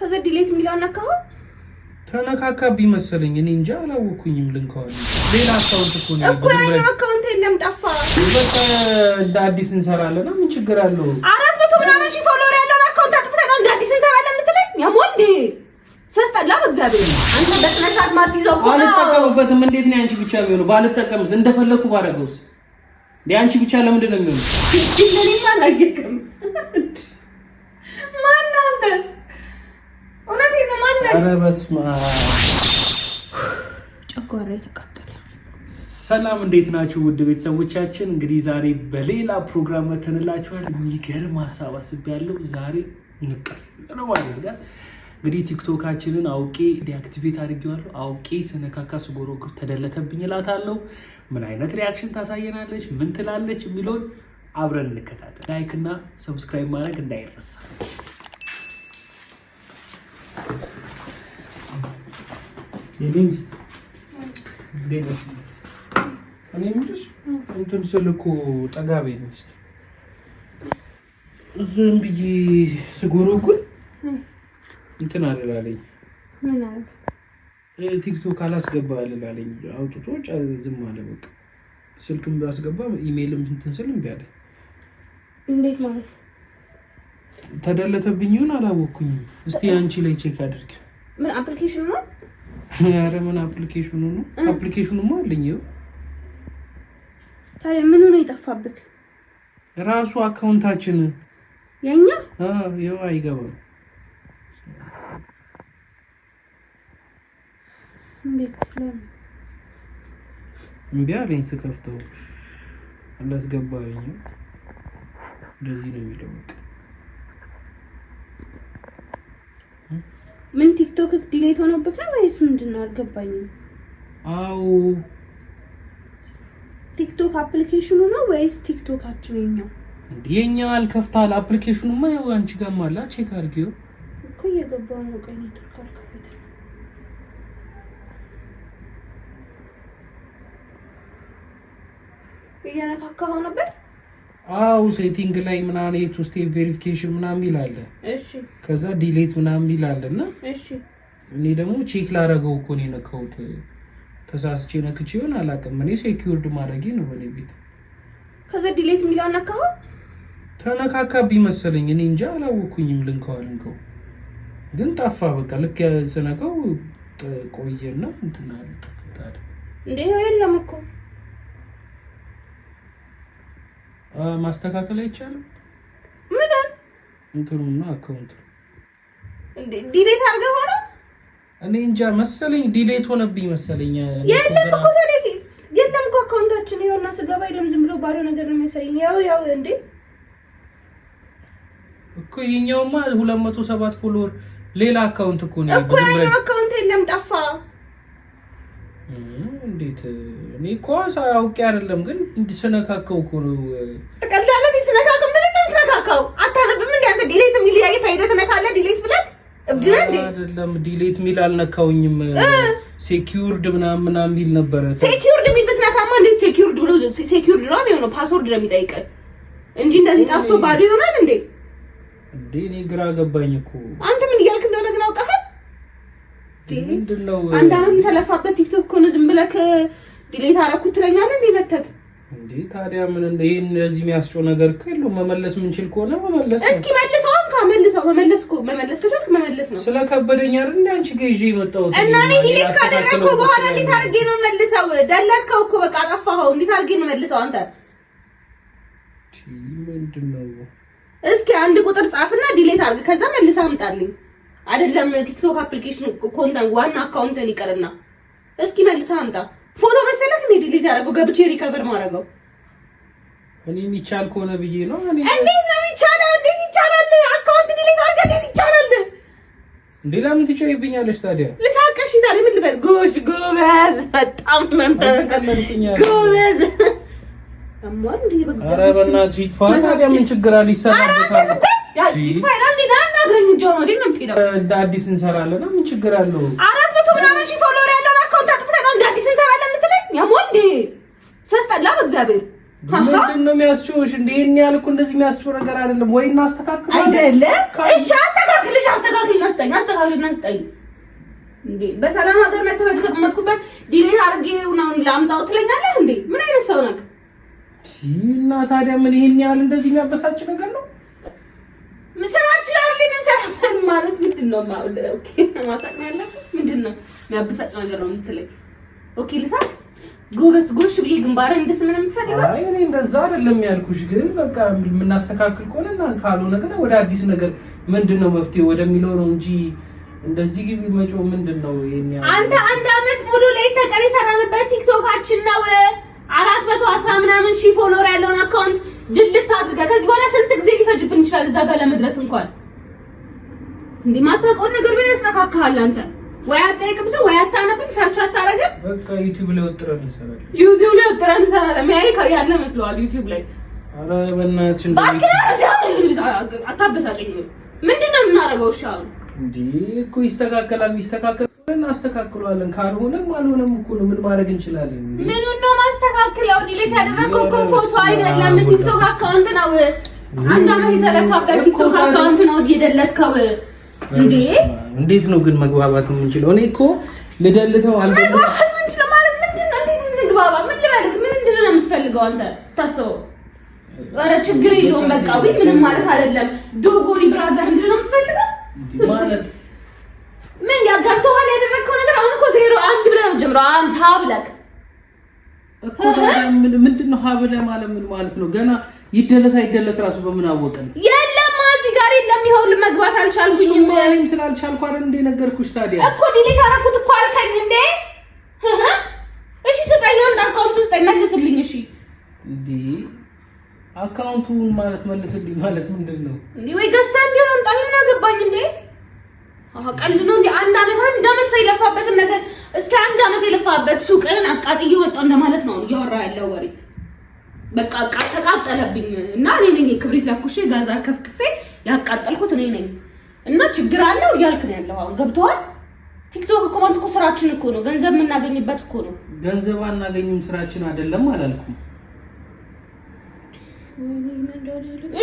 ከዛ ዲሌት የሚለው አልነካኸው? ተነካካብኝ መሰለኝ። እኔ እንጃ አላወኩኝም። ልንከዋል ሌላ አካውንት እኮ ነው እኮ ያለው አካውንት የለም ጠፋ። በቃ እንደ አዲስ እንሰራለን። ምን ችግር አለው? አራት መቶ ምናምን ሺህ ፎሎወር ያለውን አካውንት አጥፍተህ ነው እንደ አዲስ እንሰራለን የምትለኝ? ያሞል ዴ በእግዚአብሔር አንተ በስነ ስርዓት ማትይዘው እኮ አልጠቀምበትም። እንዴት ነው አንቺ ብቻ የሚሆነው? ባልጠቀምስ እንደፈለኩ ባደረገውስ? አንቺ ብቻ ለምንድን ነው የሚሆነው? ለኔማ አላየቅም ኧረ በስመ አብ ጨጓራ የተቃጠለ። ሰላም እንዴት ናችሁ ውድ ቤተሰቦቻችን? እንግዲህ ዛሬ በሌላ ፕሮግራም መተንላችኋል። የሚገርም ሀሳብ አስቤያለሁ ዛሬ ንቀል ነው ማለት ጋር እንግዲህ ቲክቶካችንን አውቄ ዲአክቲቬት አድርጌዋለሁ። አውቄ ስነካካ ስጎሮ ተደለተብኝ እላታለሁ። ምን አይነት ሪያክሽን ታሳየናለች፣ ምን ትላለች የሚለውን አብረን እንከታተል። ላይክ እና ሰብስክራይብ ማድረግ እንዳይረሳ። እንትን ስል እኮ ጠጋ ዝም ብዬ እንትን አልላለኝ። ቲክቶክ አላስገባ አልላለኝ። አውጥቶ ዝም አለ በቃ። ስልክም ባስገባ ኢሜይልም እንትን ስል እምቢ አለ። እንዴት ማለት ተደለተብኝ ይሁን አላወኩኝም። እስቲ አንቺ ላይ ቼክ አድርግ። ምን አፕሊኬሽን ነው ኧረ ምን አፕሊኬሽኑ ነው? አፕሊኬሽኑማ አለኝ። ይኸው ታዲያ ምን ሆነ የጠፋብህ? ራሱ አካውንታችን የኛ ይኸው አይገባም። እምቢ አለኝ ስከፍተው አላስገባኝ። እንደዚህ ነው የሚለው በቃ ምን ቲክቶክ ዲሌት ሆኖበት ነው ወይስ ምንድን ነው? አልገባኝም። አዎ ቲክቶክ አፕሊኬሽኑ ነው ወይስ ቲክቶካችን የኛው? የኛ አልከፍታል። አፕሊኬሽኑማ ያው አንቺ ጋርም አለ። ቼክ አድርጊው እኮ እየገባሁ ነው። ቀኝ ቱርክ አልከፍት እየነካካሁ ነበር አው ሴቲንግ ላይ ምናምን ቱ ስቴፕ ቬሪፊኬሽን ምናምን ይላል። እሺ ከዛ ዲሌት ምናምን ይላል እና እሺ እኔ ደግሞ ቼክ ላረገው እኮ ነው የነካሁት። ተሳስቼ ነክቼ ይሆን አላውቅም። እኔ ሴኪዩርድ ማድረጌ ነው በኔ ቤት። ከዛ ዲሌት የሚለው አልነካሁ ተነካካብኝ መሰለኝ። እኔ እንጃ አላወኩኝም። ልንከው አልንከው ግን ጠፋ። በቃ ልክ ስነካው ቆየና እንትን አለ። እንዴ የለም እኮ ማስተካከል አይቻልም። ምን እንትኑ ነው አካውንት ዲሌት አድርገህ ሆነ እኔ እንጃ መሰለኝ ዲሌት ሆነብኝ መሰለኝ። የለም እኮ የለም እኮ አካውንታችን ይኸውና፣ ስገባ የለም ዝም ብሎ ባዶ ነገር ነው የሚያሳየኝ። ያው ያው እንዴ እኮ ይኸኛውማ ሁለት መቶ ሰባት ፎሎወር ሌላ አካውንት እኮ ነው እኮ ያኛው አካውንት የለም ጠፋ። እንዴት እኔ እኮ ሳያውቅ አይደለም፣ ግን ስነካከው እኮ ነው። ትቀልዳለህ። ስነካከው ምንም ነው የምትነካከው። አታነብም እንደ አንተ ዲሌት የሚል ያየት አይደ ትነካለህ። ዲሌት ብለህ እብድ አይደለም ዲሌት ሚል አልነካውኝም። ሴኪውርድ ምናምን ምናምን የሚል ነበረ። ሴኪውርድ ሚል ብትነካማ እንዴት ሴኪውርድ ብሎ ሴኪውርድ ነው የሚሆነው። ፓስወርድ ነው የሚጠይቀህ እንጂ እንደዚህ ጠፍቶ ባዶ ይሆናል እንዴ? እንዴ እኔ ግራ ገባኝ እኮ። አንተ ምን እያልክ እንደሆነ ግን አውቀሃል። ምንድን ነው አንድ አመት የተለፋበት ቲክቶክ እኮ ነው ዝም ብለህ ዲሌት አረኩ ትለኛለህ እንዴ? መተክ እንዴ ታዲያ ምን እንደ ይሄን እዚህ የሚያስጮህ ነገር ከሉ መመለስ ምንችል ከሆነ መመለስ እስኪ መልሰው እንኳ መልሰው መመለስ እኮ መመለስ ከቻልክ መመለስ ነው። ስለከበደኝ አይደል እንዴ አንቺ ጋር ይዤ የመጣሁት እና እኔ ዲሌት ካደረኩ በኋላ እንዴት አድርጌ ነው መልሰው? ደለትከው እኮ በቃ ጠፋኸው። እንዴት አድርጌ ነው መልሰው? አንተ ምንድን ነው? እስኪ አንድ ቁጥር ጻፍና ዲሌት አድርግ፣ ከዛ መልሰህ አምጣልኝ። አይደለም ቲክቶክ አፕሊኬሽን ኮንተን ዋና አካውንትን ይቀርና እስኪ መልሰህ አምጣ። ፎቶ መሰለህ እንዴ ዲሊት ያደረገው ገብቼ ሪከቨር ማድረገው እኔ የሚቻል ከሆነ ብዬ ነው። እኔ እንዴት ነው ይቻላል? እንዴት ይቻላል? አካውንት ዲሊት አድርገህ እንዴት ይቻላል? እንዴ ለምን ትጮይብኛለሽ ታዲያ? ልሳቅሽ ታዲያ ምን ልበል? ጎሽ ጎበዝ፣ በጣም እናንተ ጎበዝ። አማን ዲበግ ኧረ በእናትሽ ይጥፋ ታዲያ ምን ችግር አለ? ይሰራል ታዲያ ያ ይጥፋ ይላል። እንዴ አናግረኝ እንጂ ነው እንዴ ነው የምትሄደው? እንደ አዲስ እንሰራለን። ምን ችግር አለው? ያስጠላ። በእግዚአብሔር ምንድን ነው የሚያስችውሽ? እንደ ይሄን ያህል እንደዚህ የሚያስችው ነገር አይደለም። ወይ እናስተካክል አይደለ? እሺ አስተካክልሽ፣ አስተካክል፣ እናስጠኝ፣ አስተካክል፣ እናስጠኝ። እንዴ በሰላም ሀገር መጥተህ በተቀመጥኩበት ዲሌት አድርጌ ምናምን ላምጣው ትለኛለህ እንዴ? ምን አይነት ሰው ነህ? እና ታዲያ ምን ይሄን ያህል እንደዚህ የሚያበሳጭ ነገር ነው? ምስራ ይችላል ሰራን ማለት ምንድን ነው? ኦኬ ማሳቅ ነው ያለብህ። ምንድን ነው የሚያበሳጭ ነገር ነው የምትለኝ? ኦኬ ልሳቅ ጎበስ ጎሽ ብዬ ግንባሬን እንደስ ምንም ተፈልጋ። አይ እኔ እንደዛ አይደለም ያልኩሽ፣ ግን በቃ የምናስተካክል ከሆነና ካልሆነ ግን ወደ አዲስ ነገር ምንድነው መፍትሄ ወደሚለው ነው እንጂ እንደዚህ ግቢ መጮህ ምንድነው? የኛ አንተ አንድ አመት ሙሉ ሌት ተቀን የሰራንበት ቲክቶካችን ነው። አራት መቶ አስራ ምናምን ሺህ ፎሎወር ያለውን አካውንት ድልት አድርገህ ከዚህ በኋላ ስንት ጊዜ ሊፈጅብን ይችላል እዛ ጋር ለመድረስ እንኳን እንዴ? ማታውቀውን ነገር ምን ያስነካካሃል አንተ? ወይ አትጠይቅም ሰው ወይ አታነብም፣ ሰርች አታረግም። በቃ ዩቲዩብ ላይ ወጥረን እንሰራለን። ዩቲዩብ ላይ ወጥረን እንሰራለን። ሚያይ ያለ መስለዋል ዩቲዩብ ላይ። ኧረ በእናትሽ አታበሳጭኝ። ምንድን ነው የምናደርገው? እሺ አሁን እንደ እኮ ይስተካከላል። የሚስተካከለው እናስተካክለዋለን። ካልሆነም አልሆነም እኮ ነው። ምን ማድረግ እንችላለን? ምኑን ነው ማስተካክለው? ዲሌት ያደረገው እኮ ፎቶ አይደለም፣ ቲክቶክ አካውንት ነው። አንድ አመት የተለፋበት ቲክቶክ አካውንት ነው የደለትከው እንዴት ነው ግን መግባባት የምንችለው? እኔ እኮ ልደልተው አልደልተው የምትፈልገው አንተ ስታስበው ኧረ ችግር የለውም በቃ ወይ ምንም ማለት አይደለም። ዶጎሪ ብራዘር ምንድን ነው የምትፈልገው? ማለት ምን ያጋብተዋል ያደረግከው ነገር አሁን እኮ ዜሮ አንድ ብለህ ነው ጀምረው። አንድ ሀብለክ እኮ ምንድን ነው ሀብለ ማለት ምን ማለት ነው? ገና ይደለት አይደለት ራሱ በምን አወቅን እኔም ይኸውልህ መግባት አልቻልኩኝም። እኔም ስላልቻልኩ አይደል እንደ ነገርኩሽ። ታዲያ እኮ ዲሊት አደረኩት እኮ አልከኝ እንዴ። እሺ ስጠየውን አካውንቱ ስጠኝ፣ መልስልኝ። እሺ እንዴ አካውንቱን ማለት መልስልኝ ማለት ምንድን ነው እንዴ? ወይ ገዝተህ ቢሆን አምጣ፣ ምን አገባኝ እንዴ? ቀልድ ነው እንዴ? አንድ አመት አንድ አመት ሰው የለፋበትን ነገር እስከ አንድ አመት የለፋበት ሱቅን አቃጥዬ ወጣሁ እንደማለት ነው እያወራ ያለው ወሬ። በቃ ተቃጠለብኝ እና እኔ ነኝ ክብሪት ለኩሼ ጋዛ ከፍክፌ ያቃጠልኩት እኔ ነኝ። እና ችግር አለው እያልክ ነው ያለው። አሁን ገብተዋል። ቲክቶክ እኮ ማለት እኮ ስራችን እኮ ነው፣ ገንዘብ የምናገኝበት እኮ ነው። ገንዘብ አናገኝም ስራችን አይደለም አላልኩም።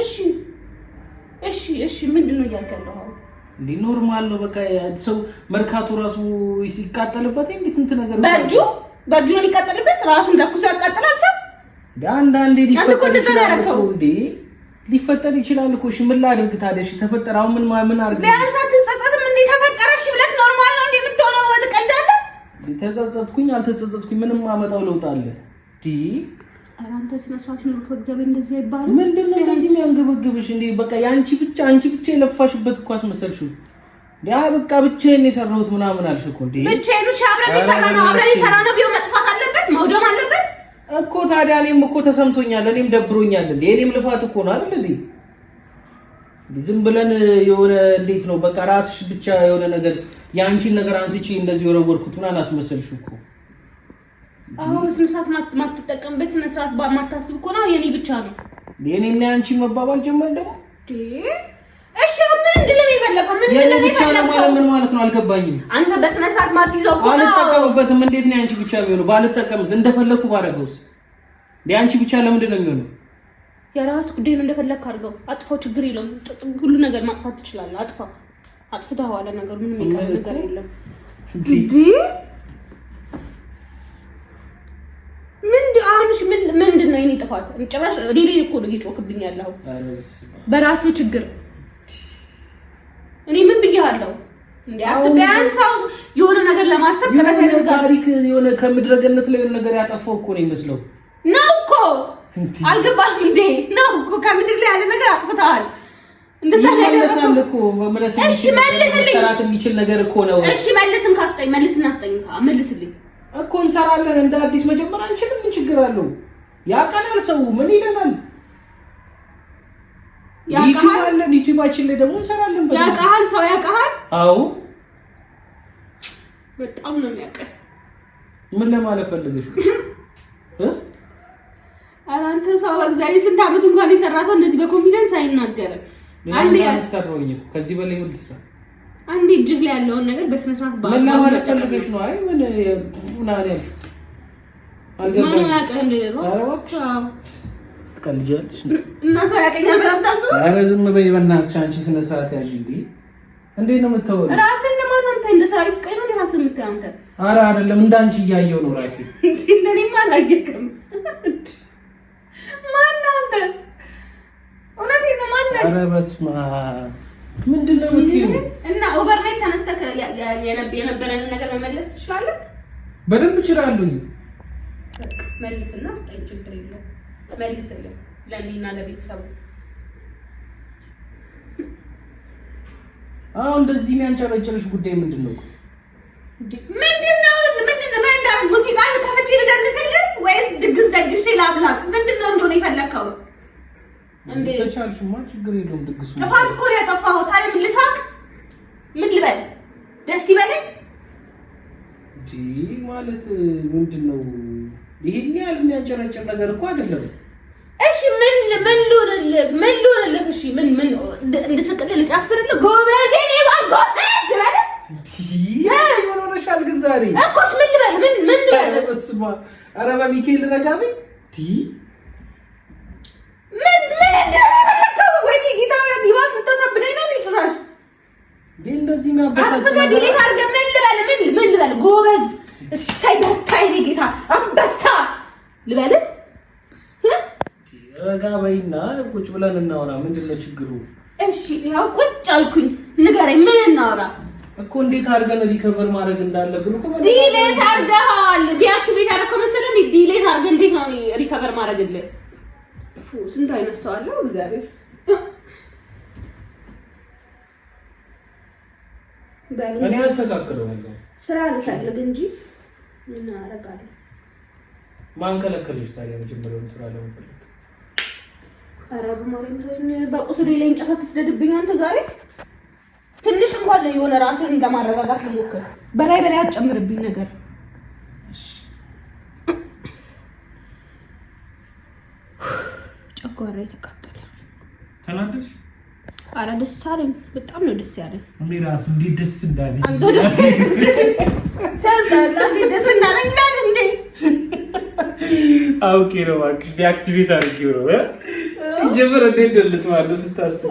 እሺ እሺ እሺ፣ ምንድን ነው እያልክ ያለው አሁን? እንዴ ኖርማል ነው በቃ። ሰው መርካቶ ራሱ ሲቃጠልበት እንዴ ስንት ነገር በእጁ በእጁ ነው የሚቃጠልበት። ራሱን ደኩሶ ያቃጥላል ሰው። አንዳንዴ ሊፈጠር ይችላል እንዴ ሊፈጠር ይችላል እኮ። እሺ ምን ላድርግ ታዲያ? እሺ ተፈጠረ። አሁን ምን ምን አድርግ? ቢያንስ አትጸጸትም እንዴ? ተፈጠረ። እሺ ብለህ ኖርማል ነው እንዴ የምትሆነው? ትቀልዳለህ። ተጸጸትኩኝ አልተጸጸትኩኝ ምንም ማመጣው ለውጥ አለ ዲ አንተ ስለ ሰዓት ነው ተገበ እንደዚህ አይባልም። ምንድን ነው እንደዚህ የሚያንገበግብሽ እንዴ? በቃ ያንቺ ብቻ አንቺ ብቻ የለፋሽበት እኮ አስመሰልሽው። ያ በቃ ብቻዬን የሰራሁት ምናምን አልሽ እኮ እንዴ? ብቻዬን ብቻ አብረን የሰራ ነው አብረን የሰራ ነው ቢሆን መጥፋት አለበት መውደም አለበት እኮ ታዲያ እኔም እኮ ተሰምቶኛል፣ እኔም ደብሮኛል። እንዴ እኔም ልፋት እኮ ነው አይደል? እንዴ ዝም ብለን የሆነ እንዴት ነው በቃ ራስሽ ብቻ የሆነ ነገር የአንቺን ነገር አንስቼ እንደዚህ ወረወርኩት ምናምን አስመሰልሽ እኮ። አሁን ስንት ሰዓት ማትጠቀምበት ስነ ስርዓት ማታስብ እኮ ነው። የኔ ብቻ ነው የኔና የአንቺ መባባል ጀመር ደግሞ ምንድን ነው ነው የፈለገው? ምን ማለት ነው አልገባኝም። አንተ በስነ ስርዓት ማትይዘው እኮ ነው። አልጠቀምበትም። እንዴት ነው አንቺ ብቻ የሚሆነው? ባልጠቀምስ እንደፈለኩ ባደረገውስ? ያንቺ ብቻ ለምንድን ነው የሚሆነው? የራስ ጉዳይ ነው። እንደፈለክ አድርገው፣ አጥፋው፣ ችግር የለውም። ሁሉ ነገር ማጥፋት ትችላለህ። አጥፋ፣ አጥፍተኸዋል። ነገር ምንም የሚቀር ነገር የለም። ምንድን ነው የእኔ ጥፋት? ጭራሽ ሌላ እኮ ነው እየጮህክብኝ ያለኸው በራሱ ችግር የሆነ ነገር ለማሰብ ጥረት ታሪክ የሆነ ከምድረገነት ላይ የሆነ ነገር ያጠፋው እኮ ነው ይመስለው ነው እኮ አልገባህም እንዴ? ነው እኮ ከምድር ላይ ያለ ነገር አጥፍተሃል። ይመለሳል እኮ የሚችል ነገር እኮ ነው። እሺ መልስን ካስጠኝ መልስን አስጠኝ መልስልኝ እኮ እንሰራለን። እንደ አዲስ መጀመር አንችልም? ምን ችግር አለው? ያቀናል። ሰው ምን ይለናል? ዩቲዩብ አለን። ዩቲዩባችን ላይ ደግሞ እንሰራለን። ያቀሃል፣ ሰው ያቀሃል። አዎ በጣም ነው የሚያውቀኝ። ምን ለማለት ፈልገሽ እ ኧረ አንተ ሰው በእግዚአብሔር ስንት ዓመት እንኳን የሰራ ሰው እንደዚህ በኮንፊደንስ አይናገርም። አንዴ ያሰራውኝ ከዚህ በላይ ምን ልስራ? አንዴ እጅህ ላይ ያለውን ነገር በስነ ስርዓት ባለ ምን ለማለት ፈልገሽ ነው? አይ ምን ምን አለ ያልሽ አልገባኝም። ያቀንደ ነው አረዋክ ትቀልጃለሽ። እና ሰው ያቀኛል ብለህ አታስብም? ኧረ ዝም በይ በእናትሽ አንቺ ስነ ስርዓት ያዥ እንዴ። እንዴት ነው የምታወሪው? ራስህን ለማን አንተ እንደ ሰራዊት ራሱ የምታየው አንተ? ኧረ አይደለም፣ እንዳንቺ እያየው ነው ራሴ። እንደኔማ አላየክም። ማን አንተ? እውነቴን ነው ማን ማነህ? አረ በስመ አብ ምንድን ነው የምትይው? እና ኦቨርናይት ተነስተህ የነበረንን ነገር መመለስ ትችላለህ? በደንብ እችላለሁ። መልስና ስጠኝ፣ ችግር የለውም። መልስልን ለእኔና ለቤተሰቡ አሁን እንደዚህ የሚያንጨረጭርሽ ጉዳይ ምንድን ነው? ምንድነው? ምንድነው? መንዳር ሙዚቃ ከፍቼ ልደንስልህ ወይስ ድግስ ደግሼ ላብላክ? ምንድነው እንደሆነ የፈለከው? እንዴ ተቻልሽማ፣ ችግር የለውም ድግሱ። ጥፋት እኮ ነው ያጠፋኸው። ታዲያ ልሳቅ? ምን ልበል? ደስ ይበለኝ እንዴ? ማለት ምንድነው? ይሄን ያህል የሚያንጨረጭር ነገር እኮ አይደለም። እሺ ምን ምን ልሆንልህ? ምን ልሆንልህ? እሺ ምን ምን እንድስቅልህ? ልጨፍርልህ? ጎበዜ ነው ባጎ ሆነሻል ግን ዛሬ እኮሽ ምን ልበል? ምን ምን ልበል? እስማ ኧረ በሚካኤል ረጋብኝ ዲ ምን ምን እንደፈለከው ወይ ጌታ ወይ ዲባስ ልታሳብደኝ ነው ይጭራሽ ዲ እንደዚህ የሚያበሳጭ አፍካ ዲሌት አድርገ ምን ልበል? ምን ምን ልበል? ጎበዝ እሰይ በታይ ጌታ አንበሳ ልበል ረጋ በይና ቁጭ ብለን እናወራ። ምንድን ነው ችግሩ? እሺ ያው ቁጭ አልኩኝ። ንገረኝ ምን እናወራ? እኮ እንዴት አድርገን ሪከቨር ማድረግ እንዳለብን እኮ ዲሌት አድርገሃል። ዲአክቲቬት አደረከው መሰለኝ ዲሌት አድርገን እንዴት ነው ሪከቨር ማድረግ እንልን? ፉ ስንት አይነት ሰው አለው እግዚአብሔር። እኔ አስተካክለዋለሁ። ስራ ልታደርግ እንጂ ምን አደርጋለሁ? ማን ከለከለሽ ታዲያ? መጀመሪያውን ስራ ለመፈለግ ኧረ በማርያም ተወኝ። በቁስሌ ላይ እንጨት አትስደድብኝ አንተ ዛሬ እንኳን የሆነ ራስህን እንደማረጋጋት ልሞክር። በላይ በላይ አትጨምርብኝ ነገር ጨጓራ የተቃጠለ ተናደሽ? ኧረ ደስ አለኝ። በጣም ነው ደስ ያለኝ። እኔ ራሱ እንዴ ደስ እንዳለኝ ደስ እንዳለኝ እንዴ አውቄ ነው እባክሽ፣ ዲአክቲቬት አድርጌው ነው ሲጀምር እንዴት ደልት ማለት ስታስብ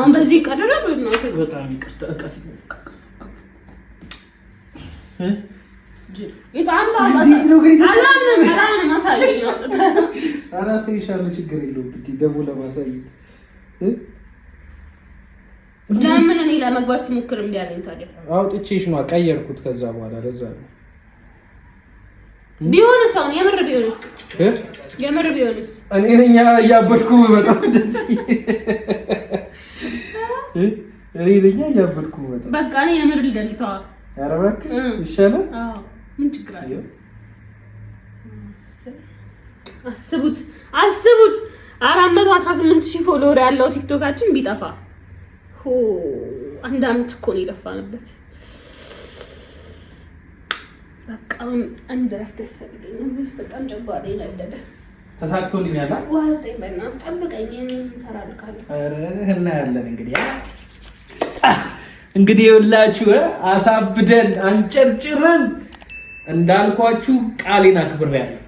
አሁን በዚህ ይቀርራል። ችግር የለውም። ለማሳየት ለምን እኔ ለመግባት እምቢ አለኝ። ታዲያ አውጥቼሽ ነዋ፣ ቀየርኩት። ከዛ በኋላ ለዛ ነው ቢሆንስ? አሁን የምር ቢሆንስ? የምር ቢሆንስ እኔ ነኝ እያበድኩ በጣም ደስ እኔ ነኝ እያበድኩ በጣም በቃ እኔ የምር ልደልተዋል። ኧረ እባክሽ ይሻላል። ምን ችግር አለ? አስቡት አስቡት አራት መቶ አስራ ስምንት ሺህ ፎሎወር ያለው ቲክቶካችን ቢጠፋ አንድ አመት እኮ ነው የጠፋንበት። በቃ አንድ ረፍት ያስፈልገኛል። በጣም ጨጓራ ይነደደ ተሳክቶልኛል። ውሃ ስጠኝ በእናትህ ጠብቀኝ፣ እናያለን እንግዲህ እንግዲህ ይኸውላችሁ አሳብደን አንጨርጭርን እንዳልኳችሁ ቃሌን አክብሬያለሁ።